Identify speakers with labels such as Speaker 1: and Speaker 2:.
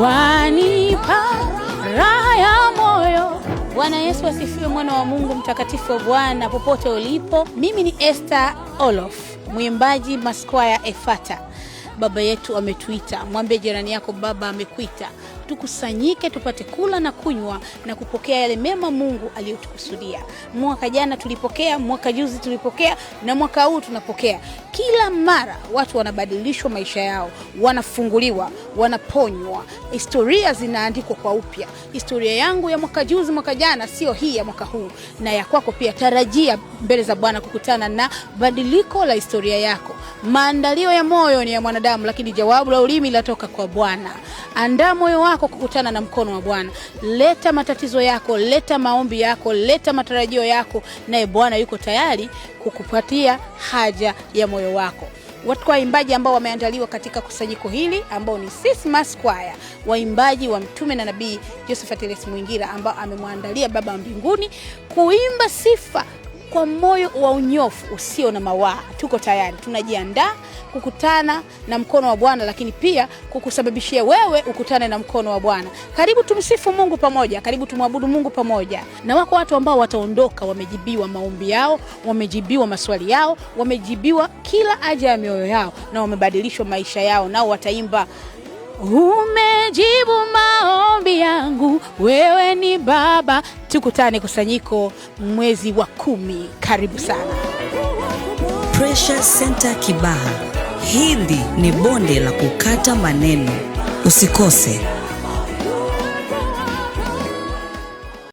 Speaker 1: wanipa raha ya moyo.
Speaker 2: Bwana Yesu asifiwe, mwana wa Mungu mtakatifu wa Bwana popote ulipo. Mimi ni Esther Olof, mwimbaji maskwaya Efata baba yetu ametuita. Mwambie jirani yako baba amekuita. Tukusanyike tupate kula na kunywa na kupokea yale mema Mungu aliyotukusudia. Mwaka jana tulipokea, mwaka juzi tulipokea, na mwaka huu tunapokea. Kila mara watu wanabadilishwa maisha yao, wanafunguliwa, wanaponywa, historia zinaandikwa kwa upya. Historia yangu ya mwaka juzi, mwaka jana sio hii ya mwaka huu, na ya kwako pia. Tarajia mbele za Bwana kukutana na badiliko la historia yako. Maandalio ya moyo ni ya mwanadamu, lakini jawabu la ulimi latoka kwa Bwana. Andaa moyo wako kukutana na mkono wa Bwana. Leta matatizo yako, leta maombi yako, leta matarajio yako, naye Bwana yuko tayari kukupatia haja ya moyo wako. Watu waimbaji ambao wameandaliwa katika kusanyiko hili ambao ni Sismas kwaya waimbaji wa mtume na nabii Josephat Les Mwingira, ambao amemwandalia Baba mbinguni kuimba sifa kwa moyo wa unyofu usio na mawaa, tuko tayari, tunajiandaa kukutana na mkono wa Bwana, lakini pia kukusababishia wewe ukutane na mkono wa Bwana. Karibu tumsifu Mungu pamoja, karibu tumwabudu Mungu pamoja. Na wako watu ambao wataondoka wamejibiwa maombi yao, wamejibiwa maswali yao, wamejibiwa kila haja ya mioyo yao, na wamebadilishwa maisha yao, nao wataimba
Speaker 1: Umejibu maombi yangu, wewe ni Baba tukutane kusanyiko mwezi wa kumi. Karibu sana. Pressure Center Kibaha, hili ni bonde la kukata maneno, usikose.